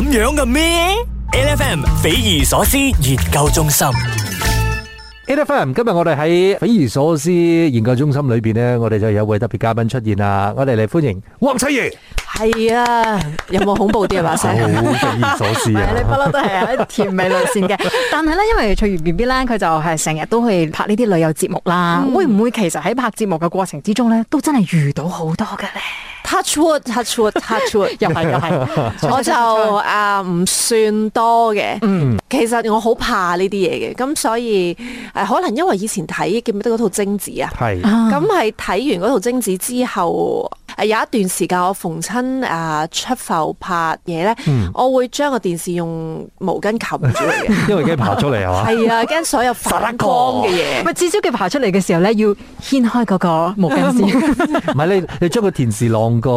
咁樣嘅咩？L F M，匪夷所思研究中心，L F M，今日我哋喺匪夷所思研究中心裏邊咧，我哋就有位特別嘉賓出現啦，我哋嚟歡迎黃翠如。係啊，有冇恐怖啲啊？話晒，匪夷所思啊，你不嬲都係喺甜美路綫嘅，但係咧，因為翠如 B B 咧，佢就係成日都去拍呢啲旅遊節目啦。會唔會其實喺拍節目嘅過程之中咧，都真係遇到好多嘅咧？Touch wood，Touch wood，Touch wood， 又係又係， 我就啊唔、 uh，算多嘅。嗯，其實我好怕呢啲嘢嘅，咁所以誒、呃、可能因為以前睇記唔記得，嗰套貞子啊，係是，咁係睇完嗰套貞子之後。有一段時間，我逢親誒出埠拍嘢咧，嗯、我會將個電視用毛巾冚住嚟， 因為驚爬出嚟係嘛。係 啊，驚所有發光嘅嘢。咪 至少佢爬出嚟嘅時候咧，要掀開嗰個毛巾先。唔 係 你，你將個電視晾高，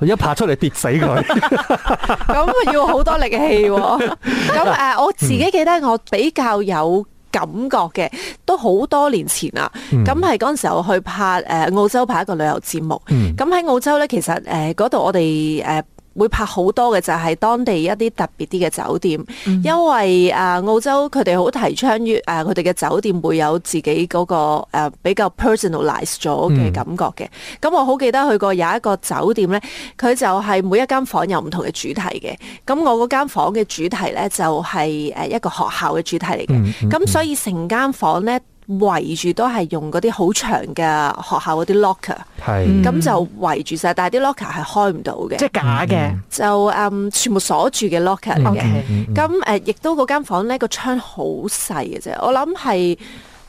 佢一爬出嚟跌死佢。咁啊，要好多力氣，啊。咁 誒、呃，我自己記得我比較有。感覺嘅都好多年前啦，咁係嗰陣時候去拍誒澳洲拍一個旅遊節目，咁喺、嗯、澳洲咧，其實誒嗰度我哋誒。呃會拍好多嘅就係、是、當地一啲特別啲嘅酒店，嗯、因為啊、呃、澳洲佢哋好提倡於誒佢哋嘅酒店會有自己嗰、那個、呃、比較 personalized 咗嘅感覺嘅。咁、嗯、我好記得去過有一個酒店咧，佢就係每一間房間有唔同嘅主題嘅。咁我嗰間房嘅主題咧就係、是、誒一個學校嘅主題嚟嘅。咁、嗯嗯嗯、所以成間房咧。圍住都係用嗰啲好長嘅學校嗰啲 locker，咁就圍住晒，但係啲 locker 係開唔到嘅，即係假嘅，嗯、就誒、um, 全部鎖住嘅 locker 嚟嘅。咁誒、嗯嗯、亦、呃、都嗰間房咧、個窗好細嘅啫，我諗係。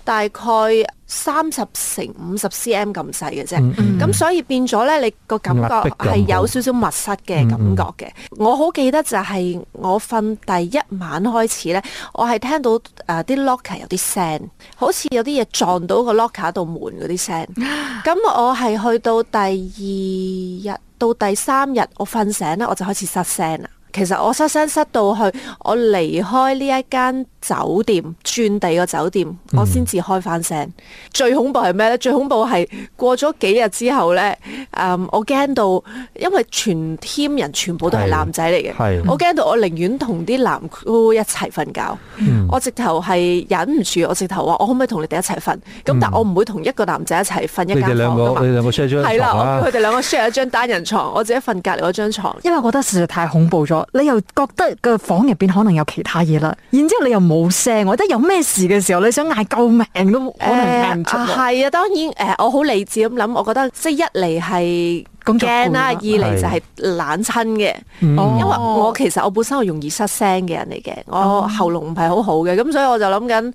大概三十乘五十 cm 咁細嘅啫，咁、嗯嗯、所以變咗咧，你個感覺係有少少密室嘅感覺嘅。嗯嗯、我好記得就係我瞓第一晚開始咧，我係聽到誒啲、呃、locker 有啲聲，好似有啲嘢撞到個 locker 度門嗰啲聲，咁、嗯、我係去到第二日到第三日，我瞓醒咧我就開始失聲啦。其實我失聲失到去，我離開呢一間酒店，轉地個酒店，我先至開翻聲。最恐怖係咩咧？最恐怖係過咗幾日之後咧，誒，我驚到，因為全 team 人全部都係男仔嚟嘅，我驚到我寧願同啲男僕一齊瞓覺。我直頭係忍唔住，我直頭話：我可唔可以同你哋一齊瞓？咁但我唔會同一個男仔一齊瞓。你哋兩個，你哋兩個 share 張牀啊！係啦，佢哋兩個 share 一張單人床，我自己瞓隔離嗰張牀，因為我覺得實在太恐怖咗。你又覺得個房入邊可能有其他嘢啦，然之後你又冇聲，我覺得有咩事嘅時候，你想嗌救命都可能嗌唔出。呃、係啊，當然誒、呃，我好理智咁諗，我覺得即係一嚟係。咁驚啦！二嚟就係冷親嘅，嗯、因為我其實我本身係容易失聲嘅人嚟嘅，嗯、我喉嚨唔係好好嘅，咁、嗯、所以我就諗緊，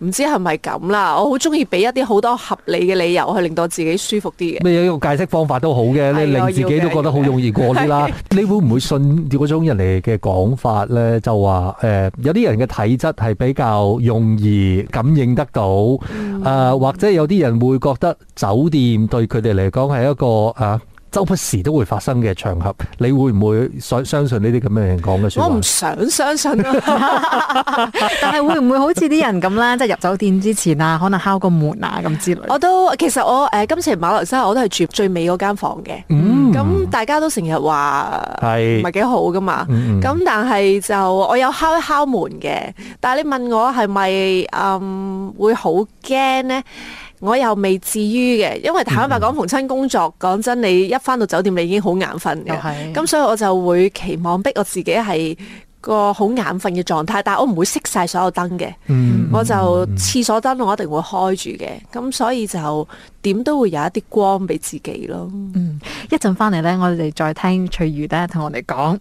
唔知係咪係咁啦。我好中意俾一啲好多合理嘅理由去令到自己舒服啲嘅。咩用解釋方法都好嘅，的你令自己都覺得好容易過啲啦。你會唔會信嗰種人嚟嘅講法咧？就話誒、呃，有啲人嘅體質係比較容易感應得到，誒、嗯呃、或者有啲人會覺得酒店對佢哋嚟講係一個啊～時不時都會發生嘅場合，你會唔會想相信呢啲咁嘅人講嘅説話？我唔想相信，但係會唔會好似啲人咁啦？即、就、係、是、入酒店之前啊，可能敲個門啊咁之類。我都其實我誒、呃、今次馬來西亞我都係住最尾嗰間房嘅，嗯，咁、嗯、大家都成日話係唔係幾好噶嘛？咁、嗯嗯、但係就我有敲一敲門嘅，但係你問我係咪誒會好驚呢？我又未至於嘅，因為坦白講，逢親工作，講真，你一翻到酒店，你已經好眼瞓嘅。咁所以我就會期望逼我自己係個好眼瞓嘅狀態，但係我唔會熄晒所有燈嘅。我就廁所燈我一定會開住嘅，咁所以就點都會有一啲光俾自己咯。嗯，一陣翻嚟呢，我哋再聽翠如咧同我哋講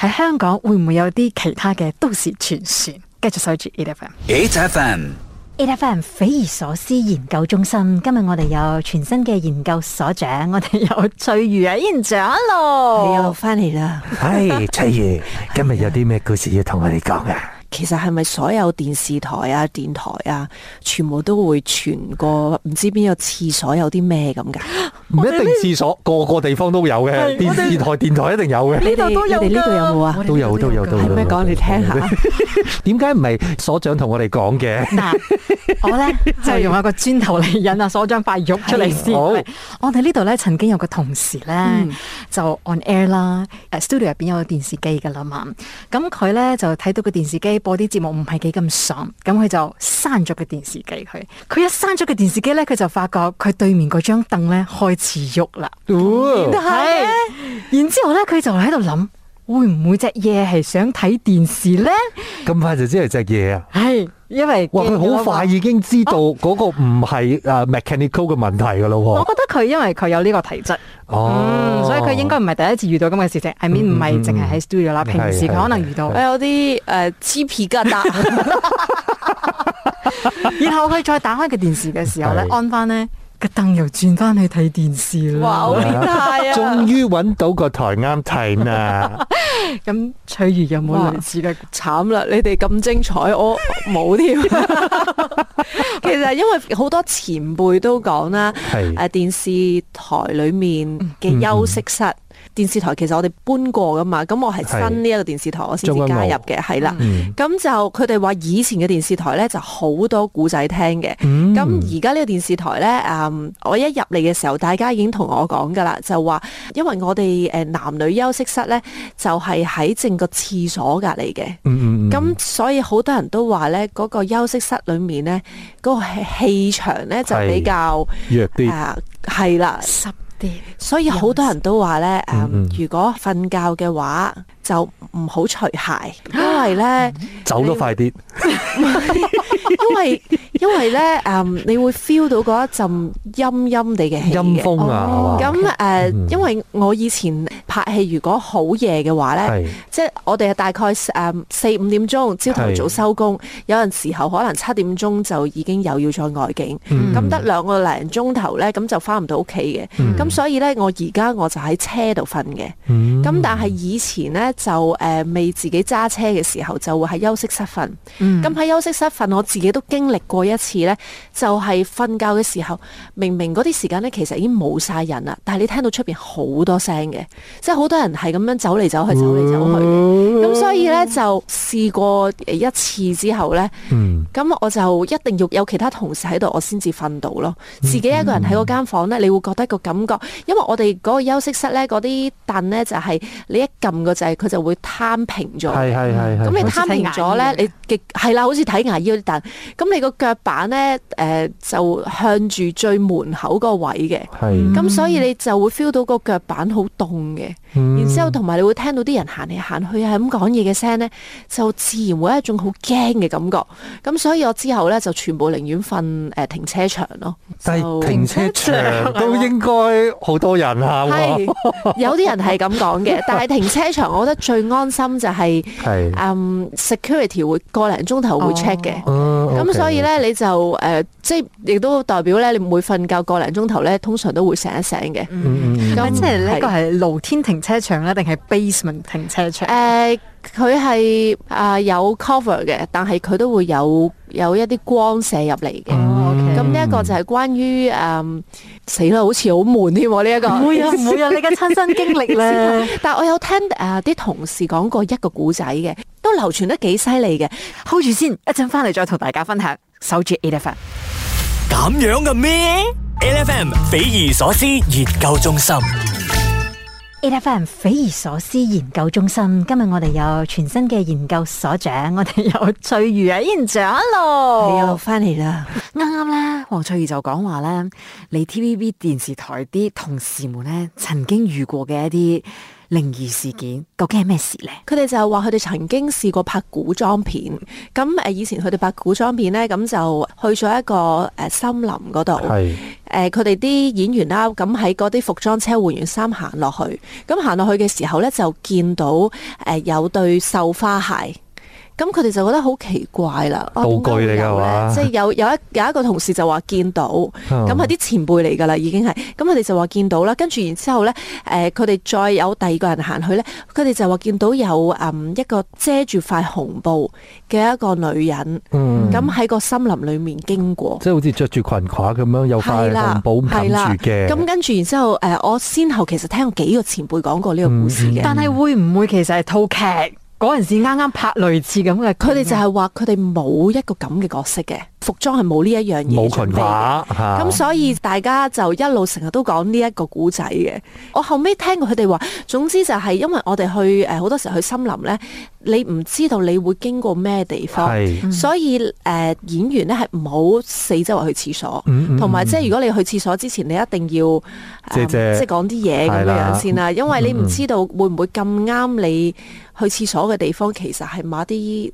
喺香港會唔會有啲其他嘅都市傳説。繼續收住 Eight FM。Eight FM。i A. F. M. 匪夷所思研究中心，今日我哋有全新嘅研究所長，我哋有翠如啊，依院長路，你又翻嚟啦，唉，翠如， 哎、呀今日有啲咩故事要同我哋講啊？其實係咪所有電視台啊、電台啊，全部都會傳過唔知邊個廁所有啲咩咁㗎？唔 一定廁所，個個地方都有嘅。電視台、電台一定有嘅。呢度你哋呢度有冇啊？都有，有，有，有都有都有。係咪講你聽，聽下？點解唔係所長同我哋講嘅？嗱，我咧 的就用一個磚頭嚟引啊所長塊肉出嚟先。好 對，喔、我哋呢度咧曾經有個同事咧、嗯、就 on air 啦、啊，studio 入邊有個電視機㗎啦嘛。咁佢咧就睇到個電視機。播啲節目唔係幾咁爽，咁佢就閂咗個電視機佢。佢一閂咗個電視機咧，佢就發覺佢對面嗰張凳咧開始喐啦。然係，然之後咧佢就喺度諗。會唔會隻嘢係想睇電視咧？咁快就知係隻嘢啊！係因為佢好快已經知道嗰個唔係誒 mechanical 嘅問題噶咯喎。我覺得佢因為佢有呢個體質，哦、嗯，所以佢應該唔係第一次遇到咁嘅事情。I mean 唔係淨係喺 studio 啦，平時佢可能遇到誒有啲誒黐皮筋啊，然後佢再打開個電視嘅時候咧，按翻咧。個凳又轉翻去睇電視啦，哇，好變態啊，終於揾到個台啱睇啦。咁 翠如有冇類似嘅慘啦？你哋咁精彩，我冇添。 有 其實因為好多前輩都講啦，係誒是電視台裏面嘅休息室嗯嗯。嗯電視台其實我哋搬過噶嘛，咁我係新呢一個電視台，是我先至加入嘅，係啦。咁就佢哋話以前嘅電視台呢就好多古仔聽嘅。咁而家呢個電視台呢，誒、嗯，我一入嚟嘅時候，大家已經同我講噶啦，就話因為我哋誒男女休息室呢就係、是、喺正個廁所隔離嘅。嗯咁、嗯、所以好多人都話呢嗰、嗰個休息室裡面呢，嗰、嗰個氣氣場呢就比較弱啲啊。係啦。所以好多人都話咧，誒、um，嗯嗯、如果瞓覺嘅話，就唔好除鞋，因為咧走得快啲， 因為。因為咧，誒你會 feel 到一陣陰陰哋嘅氣嘅。陰風啊！咁誒，因為我以前拍戲，如果好夜嘅話咧，即係我哋係大概誒四五點鐘朝頭早收工，有陣時候可能七點鐘就已經又要再外景，咁得兩個零鐘頭咧，咁就翻唔到屋企嘅。咁所以咧，我而家我就喺車度瞓嘅。咁但係以前咧就誒未自己揸車嘅時候，就會喺休息室瞓。咁喺休息室瞓，我自己都經歷過。嗰一次咧，就係、是、瞓覺嘅時候，明明嗰啲時間咧，其實已經冇晒人啦，但係你聽到出邊好多聲嘅，即係好多人係咁樣走嚟走去，嗯、走嚟走去嘅。咁、嗯、所以咧就試過一次之後咧，咁、嗯、我就一定要有其他同事喺度，我先至瞓到咯。自己一個人喺嗰間房咧，你會覺得個感覺，因為我哋嗰個休息室咧，嗰啲凳咧就係、是、你一撳個掣佢就會攤平咗，係係係。咁你攤平咗咧，你極係啦，好似睇牙醫嗰啲凳，咁你個極腳。腳板咧，誒、呃，就向住最門口個位嘅，咁，係所以你就會 feel 到個腳板好凍嘅。然之後，同埋你會聽到啲人行嚟行去，係咁講嘢嘅聲咧，就自然會一種好驚嘅感覺。咁所以我之後咧就全部寧願瞓誒停車場咯。停車場都應該好多人嚇。有啲人係咁講嘅，但係停車場我覺得最安心就係 security 會個零鐘頭會 check 嘅。咁所以咧你就誒即係亦都代表咧，你每瞓覺個零鐘頭咧，通常都會醒一醒嘅。咁即係呢個係露天停車場咧，定係 basement 停車場？誒、呃，佢係啊有 cover 嘅，但係佢都會有有一啲光射入嚟嘅。咁呢一個就係關於誒、呃、死啦，好似好悶添。呢、這、一個唔會啊，唔 會啊，你嘅親身經歷咧。 但係我有聽誒啲、呃、同事講過一個古仔嘅，都流傳得幾犀利嘅。hold 住先，一陣翻嚟再同大家分享。守住，L F M。咁樣嘅咩？L F M，匪夷所思研究中心。A. T. F. 人匪夷所思研究中心，今日我哋有全新嘅研究所長，我哋有翠如啊，院長咯。你又翻嚟啦！啱啱咧，黃翠如就講話咧，你 T. V. B. 電視台啲同事們咧，曾經遇過嘅一啲。靈異事件，究竟係咩事咧？佢哋就話佢哋曾經試過拍古裝片，咁誒以前佢哋拍古裝片咧，咁就去咗一個誒森林嗰度，係是，誒佢哋啲演員啦，咁喺嗰啲服裝車換完衫行落去，咁行落去嘅時候咧，就見到誒有對繡花鞋。咁佢哋就覺得好奇怪啦，哎、道具嚟嘅，即係有有一有一個同事就話見到，咁係啲前輩嚟㗎啦，已經係，咁佢哋就話見到啦，跟住然之後咧，誒佢哋再有第二個人行去咧，佢哋就話見到有誒、嗯、一個遮住塊紅布嘅一個女人，咁喺、嗯、個森林裡面經過，即係好似着住裙褂咁樣，有塊紅布冚住嘅。咁跟住然之後，誒、呃、我先後其實聽過幾個前輩講過呢個故事嘅，嗯嗯但係會唔會其實係套劇？嗰陣時啱啱拍類似咁嘅，佢哋就係話佢哋冇一個咁嘅角色嘅。服裝係冇呢一樣嘢，冇群畫，咁所以大家就一路成日都講呢一個古仔嘅。我後尾聽過佢哋話，總之就係因為我哋去誒好多時候去森林咧，你唔知道你會經過咩地方，所以誒演員咧係唔好四周圍去廁所，同埋即係如果你去廁所之前，你一定要即即即講啲嘢咁嘅樣先啦，因為你唔知道會唔會咁啱你去廁所嘅地方，其實係某啲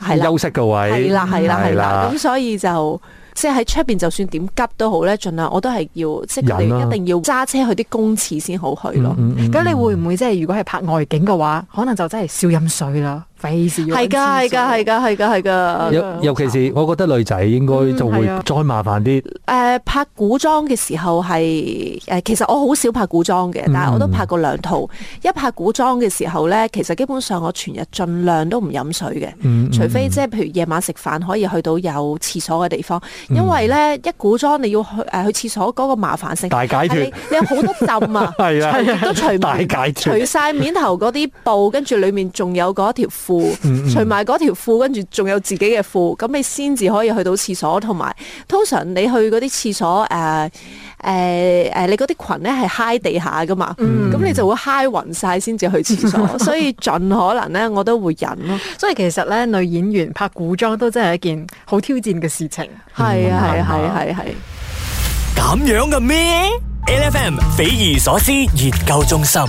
係休息嘅位，係啦係啦係啦。所以就。即係喺出邊，就算點急都好咧，儘量我都係要，即、啊、一定要揸車去啲公廁先好去咯。咁、嗯嗯嗯、你會唔會即、就、係、是、如果係拍外景嘅話，可能就真係少飲水啦，費事。係㗎，係㗎，係㗎，係㗎，係㗎。尤其是我覺得女仔應該就會再麻煩啲。誒、嗯呃，拍古裝嘅時候係誒、呃，其實我好少拍古裝嘅，但係我都拍過兩套。一拍古裝嘅時候咧，其實基本上我全日儘量都唔飲水嘅，嗯嗯嗯、除非即係譬如夜晚食飯可以去到有廁所嘅地方。因為咧，一古裝你要去誒、呃、去廁所嗰個麻煩性，大解決你。你有好多浸啊，亦 啊、都除埋，除曬解面頭嗰啲布，跟住裡面仲有嗰一條褲，除埋嗰條褲，跟住仲有自己嘅褲，咁你先至可以去到廁所，同埋通常你去嗰啲廁所誒。呃誒誒、呃呃，你嗰啲裙咧係嗨地下噶嘛？咁、嗯、你就會嗨勻晒先至去廁所， 所以盡可能咧我都會忍咯。 所以其實咧女演員拍古裝都真係一件好挑戰嘅事情。係、嗯、啊，係、嗯、啊，係啊，係、啊。咁樣嘅咩？L F M 匪夷所思研究中心。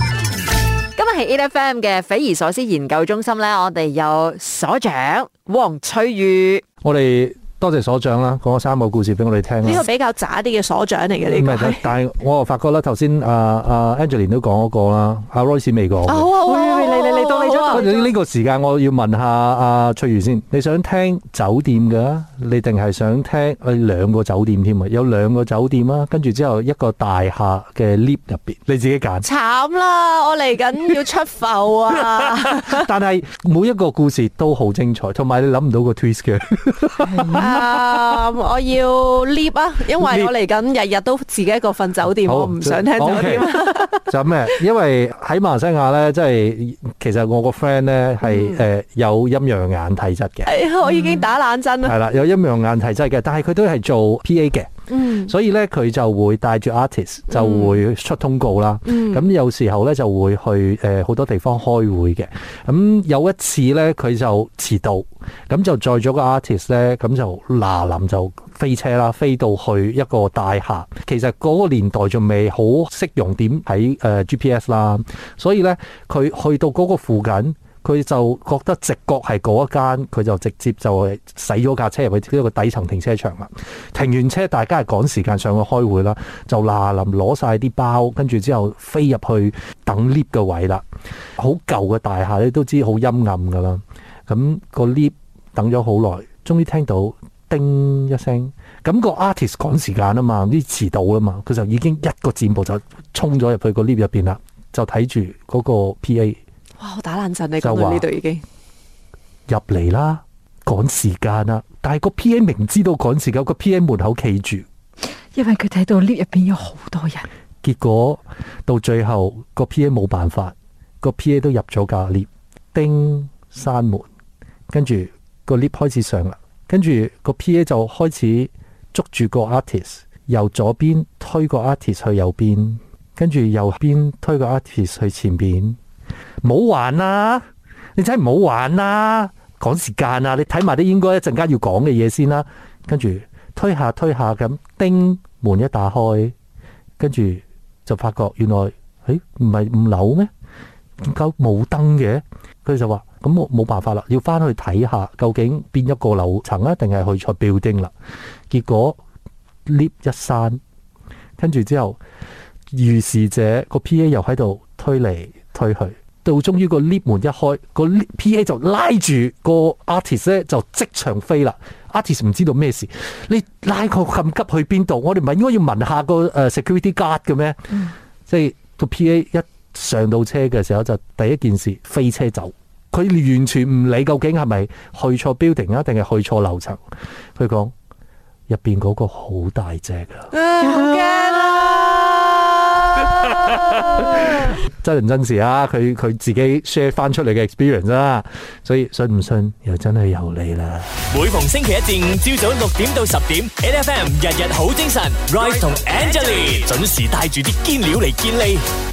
今日係 L F M 嘅匪夷所思研究中心咧，我哋有所長黃翠如，我哋。多謝所長啦，講個三個故事俾我哋聽。呢個比較渣啲嘅所長嚟嘅呢個。止 但係我又發覺咧，頭先阿啊 Angeline 都講嗰個啦，阿 Royce 未講。哇哇呢個時間我要問下阿翠、uh, 如先，你想聽酒店嘅，你定係想聽誒兩、哎、個酒店添啊？有兩個酒店啊，跟住之後一個大廈嘅 lift 入邊，你自己揀。慘啦，我嚟緊要出埠啊！ 但係每一個故事都好精彩，同埋你諗唔到個 twist 嘅。 啊！ um, 我要 leave 啊，因為我嚟緊日日都自己一個瞓酒店，好我唔想聽酒店。Okay, 就咩？因為喺馬來西亞咧，即係其實我個 friend 咧係誒有陰陽眼體質嘅、哎。我已經打冷針啦。係啦，有陰陽眼體質嘅，但係佢都係做 P A 嘅。嗯，所以咧佢就會帶住 artist 就會出通告啦。嗯，咁有時候咧就會去誒好多地方開會嘅。咁有一次咧佢就遲到，咁就載咗個 artist 咧，咁就嗱臨就飛車啦，飛到去一個大廈。其實嗰個年代仲未好識用點喺誒 GPS 啦，所以咧佢去到嗰個附近。佢就覺得直覺係嗰一間，佢就直接就係駛咗架車入去呢個底層停車場啦。停完車，大家係趕時間上去開會啦，就嗱臨攞晒啲包，跟住之後飛入去等 lift 嘅位啦。好舊嘅大廈咧，你都知好陰暗噶啦。咁個 lift 等咗好耐，終於聽到叮一聲，咁個 artist 趕時間啊嘛，唔知遲到啦嘛，佢就已經一個箭步就衝咗入去個 lift 入邊啦，就睇住嗰個 PA。哇！我打冷震，你講到呢度已經入嚟啦，趕時間啦。但係個 P. A. 明知道趕時間，個 P. A. 門口企住，因為佢睇到 lift 入邊有好多人。結果到最後個 P. A. 冇辦法，個 P. A. 都入咗架 lift，叮閂門，嗯、跟住個 lift 開始上啦，跟住個 P. A. 就開始捉住個 artist，由左邊推個 artist 去右邊，跟住右邊推個 artist 去前邊。唔好玩啦！你真係唔好玩啦，趕時間啊！你睇埋啲應該一陣間要講嘅嘢先啦，跟住推下推下咁，叮門一打開，跟住就發覺原來誒唔係五樓咩？點解冇燈嘅？佢就話咁，我冇辦法啦，要翻去睇下究竟邊一個樓層啊，定係去錯標丁啦？結果 lift 一閂，跟住之後如是者個 P.A. 又喺度推嚟。推去到，終於個 lift 門一開，個 PA 就拉住個 artist 咧就即場飛啦。artist 唔 知道咩事，你拉佢咁急去邊度？我哋唔係應該要問下個誒 security guard 嘅咩？ 即係個 PA 一上到車嘅時候，就第一件事飛車走，佢完全唔理究竟係咪去錯 building 啊，定係去錯樓層。佢講入邊嗰個好大隻㗎！ 真人真事啊！佢佢自己 share 翻出嚟嘅 experience 啦、啊，所以信唔信又真係由你啦。每逢星期一至五朝早六點到十點，NFM 日日好精神，Rise 同 Angelina 準時帶住啲堅料嚟見你。